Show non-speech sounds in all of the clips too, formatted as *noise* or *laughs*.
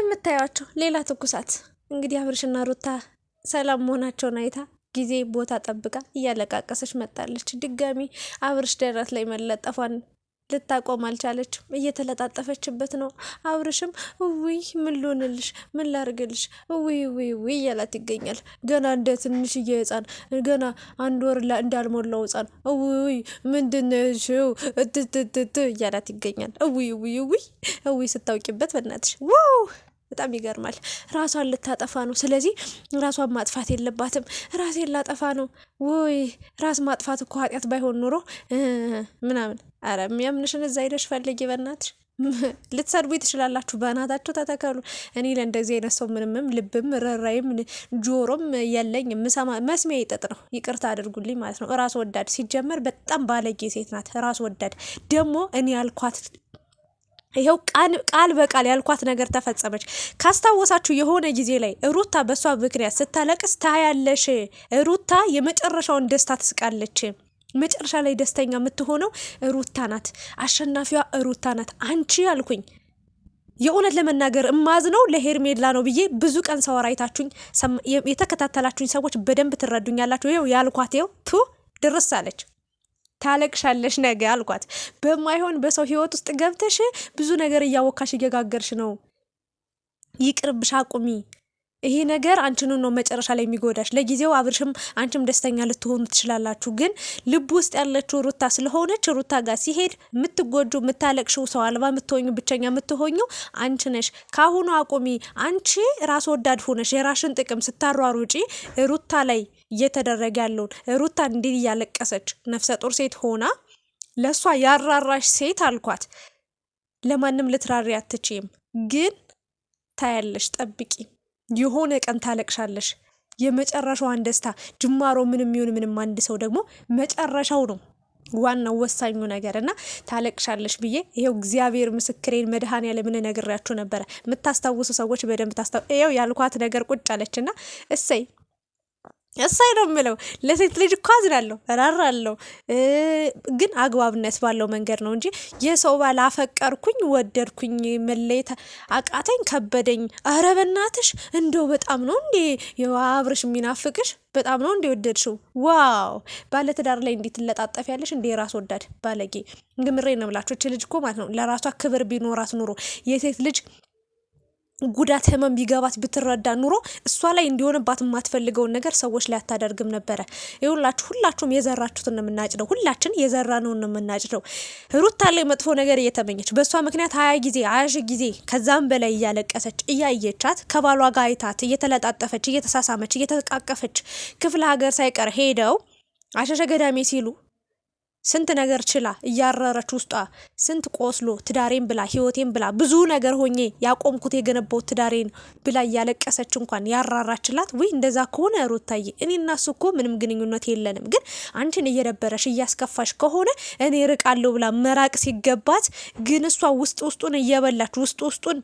እንደምታዩቸው ሌላ ትኩሳት እንግዲህ አብርሽና ሩታ ሰላም መሆናቸውን አይታ ጊዜ ቦታ ጠብቃ እያለቃቀሰች መጣለች። ድጋሚ አብርሽ ደረት ላይ መለጠፏን ልታቆም አልቻለችም። እየተለጣጠፈችበት ነው። አብርሽም እውይ ምን ልሆንልሽ፣ ምን ላርግልሽ፣ እውይ እያላት ይገኛል። ገና እንደ ትንሽዬ ሕፃን ገና አንድ ወር እንዳልሞላው ሕፃን እውይ ምንድነሽው እትትትት እያላት ይገኛል። እውይ እውይ እውይ እውይ ስታውቂበት በናትሽ ዋው በጣም ይገርማል። ራሷን ልታጠፋ ነው። ስለዚህ ራሷን ማጥፋት የለባትም። ራሴን ላጠፋ ነው ወይ ራስ ማጥፋት እኮ ኃጢአት ባይሆን ኖሮ ምናምን። አረ የሚያምንሽን እዛ ሄደሽ ፈልጊ በናትሽ። *laughs* ልትሰድቡ ትችላላችሁ። በእናታችሁ ተተከሉ። እኔ ለእንደዚህ አይነት ሰው ምንምም ልብም ረራይም ጆሮም የለኝ ምሰማ መስሚያ ይጠጥ ነው። ይቅርታ አድርጉልኝ ማለት ነው። ራስ ወዳድ ሲጀመር በጣም ባለጌ ሴት ናት። ራስ ወዳድ ደግሞ እኔ ያልኳት ይኸው ቃል በቃል ያልኳት ነገር ተፈጸመች። ካስታወሳችሁ የሆነ ጊዜ ላይ ሩታ በእሷ ምክንያት ስታለቅስ ታያለሽ። ሩታ የመጨረሻውን ደስታ ትስቃለች። መጨረሻ ላይ ደስተኛ የምትሆነው ሩታ ናት። አሸናፊዋ ሩታ ናት። አንቺ አልኩኝ የእውነት ለመናገር እማዝ ነው ለሄርሜላ ነው ብዬ ብዙ ቀን ሰወራ አይታችሁኝ የተከታተላችሁኝ ሰዎች በደንብ ትረዱኛላችሁ። ይኸው ያልኳት ይኸው ቱ ድርስ አለች። ታለቅሻለሽ ነገ አልኳት። በማይሆን በሰው ህይወት ውስጥ ገብተሽ ብዙ ነገር እያወካሽ እየጋገርሽ ነው። ይቅርብሽ፣ አቁሚ። ይሄ ነገር አንቺን ነው መጨረሻ ላይ የሚጎዳሽ። ለጊዜው አብርሽም አንቺም ደስተኛ ልትሆኑ ትችላላችሁ፣ ግን ልብ ውስጥ ያለችው ሩታ ስለሆነች ሩታ ጋር ሲሄድ የምትጎጁ የምታለቅሽው፣ ሰው አልባ የምትሆኙ፣ ብቸኛ የምትሆኙ አንቺ ነሽ። ካሁኑ አቁሚ። አንቺ ራስ ወዳድ ሆነሽ የራሽን ጥቅም ስታሯሩጪ ሩታ ላይ እየተደረገ ያለውን ሩታ እንዲህ እያለቀሰች ነፍሰ ጡር ሴት ሆና ለእሷ ያራራሽ ሴት አልኳት። ለማንም ልትራሪ አትችይም፣ ግን ታያለሽ፣ ጠብቂ። የሆነ ቀን ታለቅሻለሽ። የመጨረሻዋን ደስታ ጅማሮ ምንም ይሁን ምንም፣ አንድ ሰው ደግሞ መጨረሻው ነው ዋናው ወሳኙ ነገር እና ታለቅሻለሽ ብዬ ይኸው እግዚአብሔር ምስክሬን መድኃኔዓለምን ነግሬያችሁ ነበረ። የምታስታውሱ ሰዎች በደንብ ታስታው ይኸው ያልኳት ነገር ቁጭ አለች እና እሰይ እሳይ ነው የምለው። ለሴት ልጅ እኮ አዝናለሁ፣ እራራለሁ፣ ግን አግባብነት ባለው መንገድ ነው እንጂ የሰው ባል አፈቀርኩኝ፣ ወደድኩኝ፣ መለየት አቃተኝ፣ ከበደኝ፣ ኧረ በናትሽ እንደው በጣም ነው እንዴ የአብርሽ የሚናፍቅሽ በጣም ነው እንደ ወደድሽው። ዋው ባለትዳር ላይ እንዴት ትለጣጠፍ ያለሽ እንዴ! የራስ ወዳድ ባለጌ። ግምሬ ነው የምላችሁ። ልጅ እኮ ማለት ነው ለራሷ ክብር ቢኖራት ኑሮ የሴት ልጅ ጉዳት ህመም ቢገባት ብትረዳ ኑሮ እሷ ላይ እንዲሆንባት የማትፈልገውን ነገር ሰዎች ላይ አታደርግም ነበረ። ይሁላችሁ ሁላችሁም የዘራችሁትን ነው የምናጭደው። ሁላችን የዘራ ነው የምናጭደው። ሩታ ላይ መጥፎ ነገር እየተመኘች በእሷ ምክንያት ሀያ ጊዜ ሀያ ሺህ ጊዜ ከዛም በላይ እያለቀሰች እያየቻት ከባሏ ጋር አይታት እየተለጣጠፈች እየተሳሳመች እየተቃቀፈች ክፍለ ሀገር ሳይቀር ሄደው አሸሸ ገዳሜ ሲሉ ስንት ነገር ችላ እያረረች ውስጧ ስንት ቆስሎ ትዳሬን ብላ ህይወቴን ብላ ብዙ ነገር ሆኜ ያቆምኩት የገነባው ትዳሬን ብላ እያለቀሰች እንኳን ያራራችላት ወይ እንደዛ ከሆነ ሩታዬ፣ እኔ እና እኮ ምንም ግንኙነት የለንም፣ ግን አንቺን እየደበረሽ እያስከፋሽ ከሆነ እኔ ርቃለሁ ብላ መራቅ ሲገባት ግን እሷ ውስጥ ውስጡን እየበላች ውስጥ ውስጡን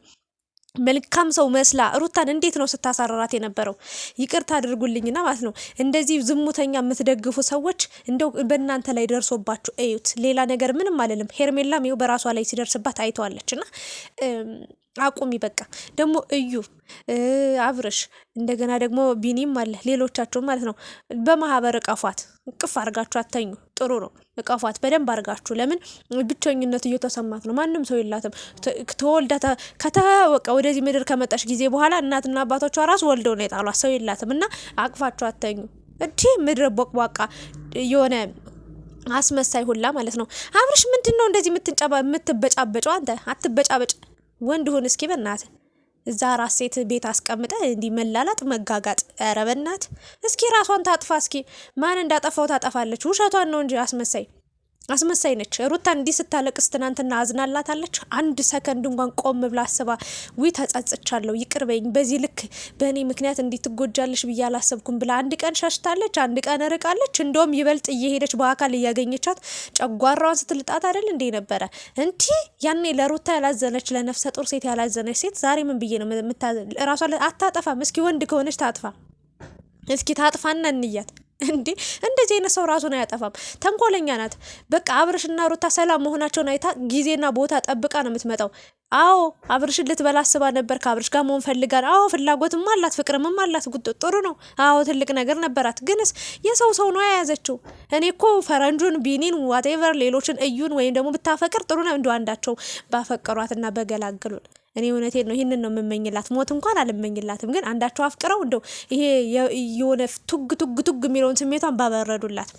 መልካም ሰው መስላ ሩታን እንዴት ነው ስታሳረራት የነበረው? ይቅርታ አድርጉልኝና ማለት ነው እንደዚህ ዝሙተኛ የምትደግፉ ሰዎች እንደው በእናንተ ላይ ደርሶባችሁ እዩት። ሌላ ነገር ምንም አልልም። ሄርሜላም ይኸው በራሷ ላይ ሲደርስባት አይተዋለች እና አቁሚ በቃ። ደግሞ እዩ አብርሽ፣ እንደገና ደግሞ ቢኒም አለ ሌሎቻቸው ማለት ነው። በማህበር እቀፏት፣ እቅፍ አርጋችሁ አተኙ። ጥሩ ነው። እቀፏት በደንብ አርጋችሁ። ለምን ብቸኝነት እየተሰማት ነው። ማንም ሰው የላትም። ተወልዳ ከተወቀ ወደዚህ ምድር ከመጣሽ ጊዜ በኋላ እናትና አባቶቿ ራሱ ወልደው ነው የጣሏት። ሰው የላትም እና አቅፋችሁ አተኙ። እቺ ምድር ቦቅቧቃ የሆነ አስመሳይ ሁላ ማለት ነው። አብርሽ ምንድን ነው እንደዚህ የምትንጨባ የምትበጫበጨው? አንተ አትበጫበጭ ወንድ ሁን እስኪ በናት እዛ ራስ ሴት ቤት አስቀምጠ እንዲህ መላላጥ መጋጋጥ፣ ኧረ በናት እስኪ ራሷን ታጥፋ። እስኪ ማን እንዳጠፋው ታጠፋለች። ውሸቷን ነው እንጂ አስመሳይ አስመሳይ ነች ሩታ። እንዲህ ስታለቅስ ትናንትና አዝናላታለች። አንድ ሰከንድ እንኳን ቆም ብላ አስባ ዊ ተጸጽቻለሁ፣ ይቅር በይኝ፣ በዚህ ልክ በእኔ ምክንያት እንዲህ ትጎጃለሽ ብዬ አላሰብኩም ብላ አንድ ቀን ሻሽታለች፣ አንድ ቀን ርቃለች። እንደውም ይበልጥ እየሄደች በአካል እያገኘቻት ጨጓራዋን ስትልጣት አይደል እንዴ ነበረ እንቲ። ያኔ ለሩታ ያላዘነች ለነፍሰ ጡር ሴት ያላዘነች ሴት ዛሬ ምን ብዬ ነው ምታ ራሷ አታጠፋም። እስኪ ወንድ ከሆነች ታጥፋ፣ እስኪ ታጥፋና እንያት እንዴ እንደዚህ አይነት ሰው ራሱን አያጠፋም። ተንኮለኛ ናት። በቃ አብርሽና ሩታ ሰላም መሆናቸውን አይታ ጊዜና ቦታ ጠብቃ ነው የምትመጣው። አዎ አብርሽን ልትበላ አስባ ነበር። ከአብርሽ ጋር መሆን ፈልጋል። አዎ ፍላጎትም አላት፣ ፍቅርም አላት። ጉጥ ጥሩ ነው። አዎ ትልቅ ነገር ነበራት። ግንስ የሰው ሰው ነው የያዘችው። እኔ እኮ ፈረንጁን፣ ቢኒን፣ ዋቴቨር ሌሎችን እዩን ወይም ደግሞ ብታፈቅር ጥሩ ነው እንደ አንዳቸው ባፈቀሯትና በገላገሉን እኔ እውነቴን ነው፣ ይህንን ነው የምመኝላት። ሞት እንኳን አልመኝላትም፣ ግን አንዳቸው አፍቅረው እንደው ይሄ የሆነ ቱግ ቱግ ቱግ የሚለውን ስሜቷን ባበረዱላት።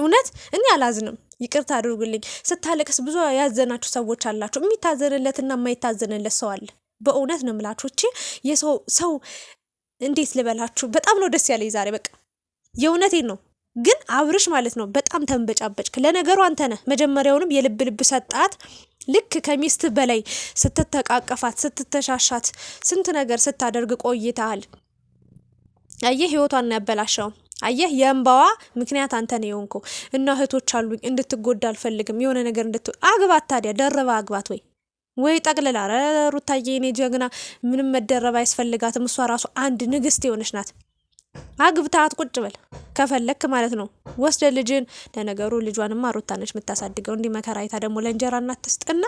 እውነት እኔ አላዝንም። ይቅርታ አድርጉልኝ። ስታለቅስ ብዙ ያዘናችሁ ሰዎች አላችሁ። የሚታዘንለትና የማይታዘንለት ሰው አለ። በእውነት ነው የምላችሁ። እቺ የሰው ሰው እንዴት ልበላችሁ፣ በጣም ነው ደስ ያለኝ ዛሬ። በቃ የእውነቴን ነው ግን አብርሽ ማለት ነው በጣም ተንበጫበጭክ። ለነገሩ አንተ ነህ መጀመሪያውንም የልብ ልብ ሰጣት። ልክ ከሚስት በላይ ስትተቃቀፋት፣ ስትተሻሻት፣ ስንት ነገር ስታደርግ ቆይተሃል። አየህ ህይወቷን ያበላሸው አየህ የእንባዋ ምክንያት አንተ ነው የሆንኩ። እና እህቶች አሉኝ እንድትጎዳ አልፈልግም። የሆነ ነገር እንድት አግባት ታዲያ ደረባ አግባት ወይ ወይ ጠቅልላ ሩታዬ፣ እኔ ጀግና ምንም መደረብ አያስፈልጋትም። እሷ ራሱ አንድ ንግስት የሆነች ናት። አግብታት ቁጭ በል ከፈለክ ማለት ነው። ወስደ ልጅን ለነገሩ ልጇንማ ሩታ ነች የምታሳድገው። እንዲህ መከራ አይታ ደግሞ ለእንጀራ እናት ትስጥና።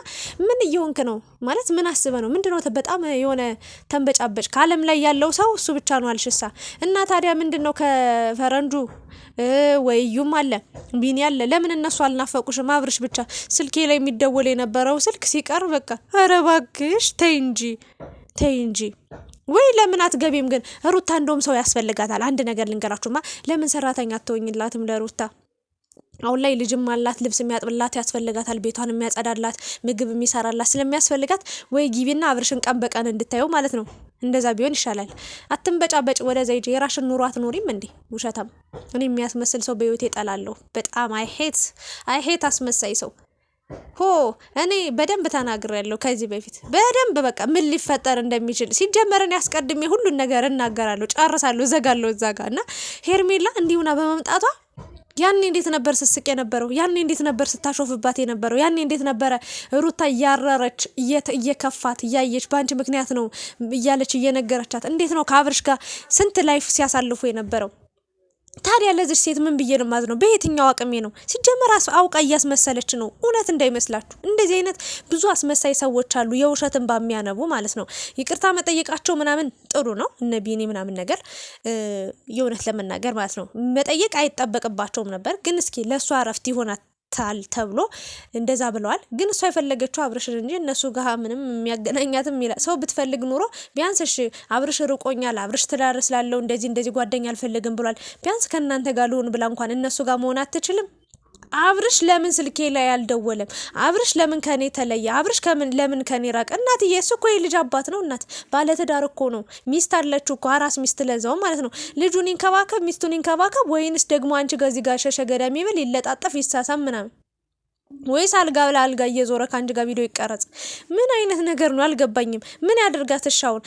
ምን እየሆንክ ነው ማለት ምን አስበ ነው ምንድነው? በጣም የሆነ ተንበጫበጭ። ከአለም ላይ ያለው ሰው እሱ ብቻ ነው አልሽሳ። እና ታዲያ ምንድን ነው ከፈረንጁ ወይዩም አለ ቢኒ አለ። ለምን እነሱ አልናፈቁሽም? አብርሽ ብቻ ስልኬ ላይ የሚደወል የነበረው ስልክ ሲቀር በቃ ኧረ እባክሽ ተይ እንጂ ተይ እንጂ ወይ ለምን አትገቢም ግን ሩታ? እንደውም ሰው ያስፈልጋታል። አንድ ነገር ልንገራችሁማ፣ ለምን ሰራተኛ አትሆኝላትም ለሩታ? አሁን ላይ ልጅም አላት፣ ልብስ የሚያጥብላት ያስፈልጋታል፣ ቤቷን የሚያጸዳላት፣ ምግብ የሚሰራላት ስለሚያስፈልጋት ወይ ጊቢና አብርሽን ቀን በቀን እንድታየው ማለት ነው። እንደዛ ቢሆን ይሻላል። አትንበጫበጭ ወደ ዘይጅ የራሽን ኑሮ አትኖሪም እንዴ ውሸታም። እኔ የሚያስመስል ሰው በይወት ይጠላለሁ በጣም አይሄት አይሄት አስመሳይ ሰው ሆ እኔ በደንብ ተናግሬያለሁ ከዚህ በፊት በደንብ በቃ ምን ሊፈጠር እንደሚችል ሲጀመረን ያስቀድሜ ሁሉን ነገር እናገራለሁ፣ ጨርሳለሁ፣ እዘጋለሁ እዛ ጋር እና ሄርሜላ እንዲሁና በመምጣቷ ያኔ እንዴት ነበር ስስቅ የነበረው? ያኔ እንዴት ነበር ስታሾፍባት የነበረው? ያኔ እንዴት ነበረ ሩታ እያረረች እየከፋት እያየች በአንቺ ምክንያት ነው እያለች እየነገረቻት እንዴት ነው ከአብርሽ ጋር ስንት ላይፍ ሲያሳልፉ የነበረው? ታዲያ ለዚች ሴት ምን ብዬ ልማዝ ነው? በየትኛው አቅሜ ነው? ሲጀመር አውቃ እያስመሰለች ነው። እውነት እንዳይመስላችሁ እንደዚህ አይነት ብዙ አስመሳይ ሰዎች አሉ፣ የውሸትን ባሚያነቡ ማለት ነው። ይቅርታ መጠየቃቸው ምናምን ጥሩ ነው፣ እነ ቢኒ ምናምን ነገር የእውነት ለመናገር ማለት ነው መጠየቅ አይጠበቅባቸውም ነበር። ግን እስኪ ለእሷ እረፍት ይሆናት ይመታል ተብሎ እንደዛ ብለዋል። ግን እሷ የፈለገችው አብርሽን እንጂ እነሱ ጋር ምንም የሚያገናኛትም ሰው ብትፈልግ ኑሮ ቢያንስ እሺ አብርሽ ርቆኛል፣ አብርሽ ትዳር ስላለው እንደዚህ እንደዚህ ጓደኛ አልፈልግም ብሏል። ቢያንስ ከእናንተ ጋር ልሆን ብላ እንኳን እነሱ ጋር መሆን አትችልም። አብርሽ ለምን ስልኬ ላይ አልደወለም? አብርሽ ለምን ከኔ ተለየ? አብርሽ ከምን ለምን ከኔ ራቀ? እናትዬ እሱ እኮ የልጅ አባት ነው። እናት ባለትዳር እኮ ነው። ሚስት አለችው እኮ አራስ ሚስት ለዛው ማለት ነው። ልጁን ይንከባከብ፣ ሚስቱን ይንከባከብ፣ ወይንስ ደግሞ አንቺ ከዚህ ጋር ሸሸ ገዳሚ ብል ይለጣጠፍ ይሳሳም ምናምን ወይስ አልጋ ለአልጋ እየዞረ ከአንድ ጋር ቪዲዮ ይቀረጽ? ምን አይነት ነገር ነው? አልገባኝም። ምን ያደርጋ እሻውን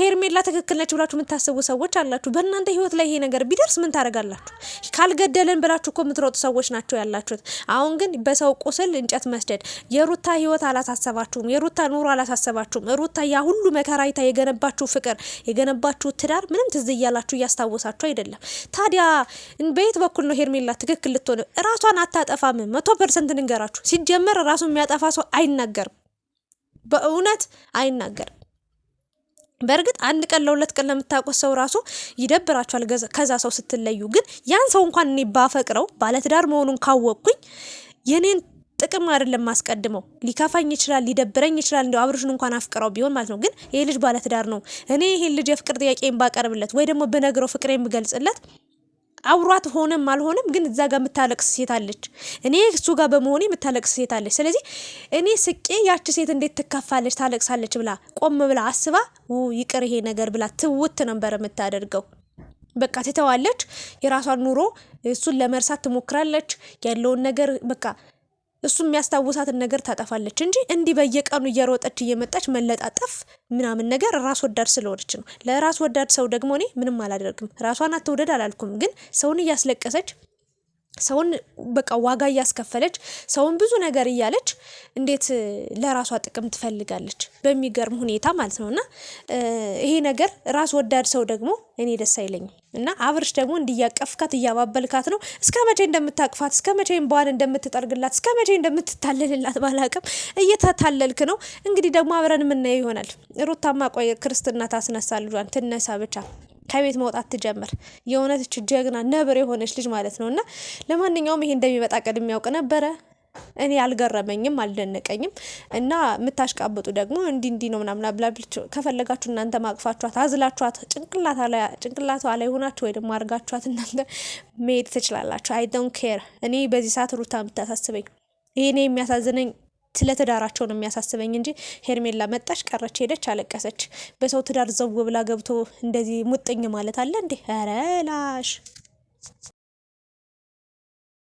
ሄርሜላ ትክክል ነች ብላችሁ የምታስቡ ሰዎች አላችሁ። በእናንተ ህይወት ላይ ይሄ ነገር ቢደርስ ምን ታደርጋላችሁ? ካልገደለን ብላችሁ እኮ የምትሮጡ ሰዎች ናቸው ያላችሁት። አሁን ግን በሰው ቁስል እንጨት መስደድ። የሩታ ህይወት አላሳሰባችሁም። የሩታ ኑሮ አላሳሰባችሁም። ሩታ ያ ሁሉ መከራይታ የገነባችሁ ፍቅር፣ የገነባችሁ ትዳር ምንም ትዝ እያላችሁ እያስታወሳችሁ አይደለም። ታዲያ በየት በኩል ነው ሄርሜላ ትክክል ልትሆን? እራሷን አታጠፋም። መቶ ፐርሰንት ንገራ ልንገራችሁ፣ ሲጀመር ራሱ የሚያጠፋ ሰው አይናገርም፣ በእውነት አይናገርም። በእርግጥ አንድ ቀን ለሁለት ቀን ለምታውቁት ሰው ራሱ ይደብራችኋል ከዛ ሰው ስትለዩ። ግን ያን ሰው እንኳን እኔ ባፈቅረው ባለትዳር መሆኑን ካወቅኩኝ የኔን ጥቅም አይደለም ማስቀድመው። ሊከፋኝ ይችላል፣ ሊደብረኝ ይችላል። እንዲ አብርሽን እንኳን አፍቅረው ቢሆን ማለት ነው። ግን ይሄ ልጅ ባለትዳር ነው። እኔ ይሄን ልጅ የፍቅር ጥያቄን ባቀርብለት ወይ ደግሞ ብነግረው ፍቅሬን ብገልጽለት አብሯት ሆነም አልሆነም ግን እዛ ጋር የምታለቅስ ሴት አለች። እኔ እሱ ጋር በመሆኔ የምታለቅስ ሴት አለች። ስለዚህ እኔ ስቄ ያቺ ሴት እንዴት ትከፋለች ታለቅሳለች ብላ ቆም ብላ አስባ ይቅር ይሄ ነገር ብላ ትውት ነበር የምታደርገው። በቃ ትተዋለች። የራሷን ኑሮ እሱን ለመርሳት ትሞክራለች። ያለውን ነገር በቃ እሱ የሚያስታውሳትን ነገር ታጠፋለች እንጂ እንዲህ በየቀኑ እየሮጠች እየመጣች መለጣጠፍ ምናምን ነገር ራስ ወዳድ ስለሆነች ነው። ለራስ ወዳድ ሰው ደግሞ እኔ ምንም አላደርግም። ራሷን አትውደድ አላልኩም፣ ግን ሰውን እያስለቀሰች ሰውን በቃ ዋጋ እያስከፈለች ሰውን ብዙ ነገር እያለች እንዴት ለራሷ ጥቅም ትፈልጋለች? በሚገርም ሁኔታ ማለት ነው። እና ይሄ ነገር ራስ ወዳድ ሰው ደግሞ እኔ ደስ አይለኝም። እና አብርሽ ደግሞ እንዲያቀፍካት እያባበልካት ነው። እስከ መቼ እንደምታቅፋት እስከ መቼ እንባዋን እንደምትጠርግላት እስከ መቼ እንደምትታለልላት ባላቅም እየተታለልክ ነው። እንግዲህ ደግሞ አብረን የምናየው ይሆናል። ሩታማ ቆይ ክርስትና ታስነሳ፣ ልጇን ትነሳ ብቻ ከቤት መውጣት ትጀምር። የእውነትች ጀግና ነብር የሆነች ልጅ ማለት ነው። እና ለማንኛውም ይሄ እንደሚመጣ ቅድም ያውቅ ነበረ። እኔ አልገረመኝም፣ አልደነቀኝም። እና የምታሽቃብጡ ደግሞ እንዲ እንዲ ነው ምናምን አብላብልች ከፈለጋችሁ እናንተ ማቅፋችኋት፣ አዝላችኋት ጭንቅላቷ ላይ ሆናችሁ ወይ ደግሞ አርጋችኋት እናንተ መሄድ ትችላላችሁ። አይ ዶንት ኬር። እኔ በዚህ ሰዓት ሩታ የምታሳስበኝ ይሄኔ የሚያሳዝነኝ ስለ ትዳራቸው ነው የሚያሳስበኝ እንጂ ሄርሜላ መጣች፣ ቀረች፣ ሄደች፣ አለቀሰች። በሰው ትዳር ዘው ብላ ገብቶ እንደዚህ ሙጥኝ ማለት አለ እንዴ? ረላሽ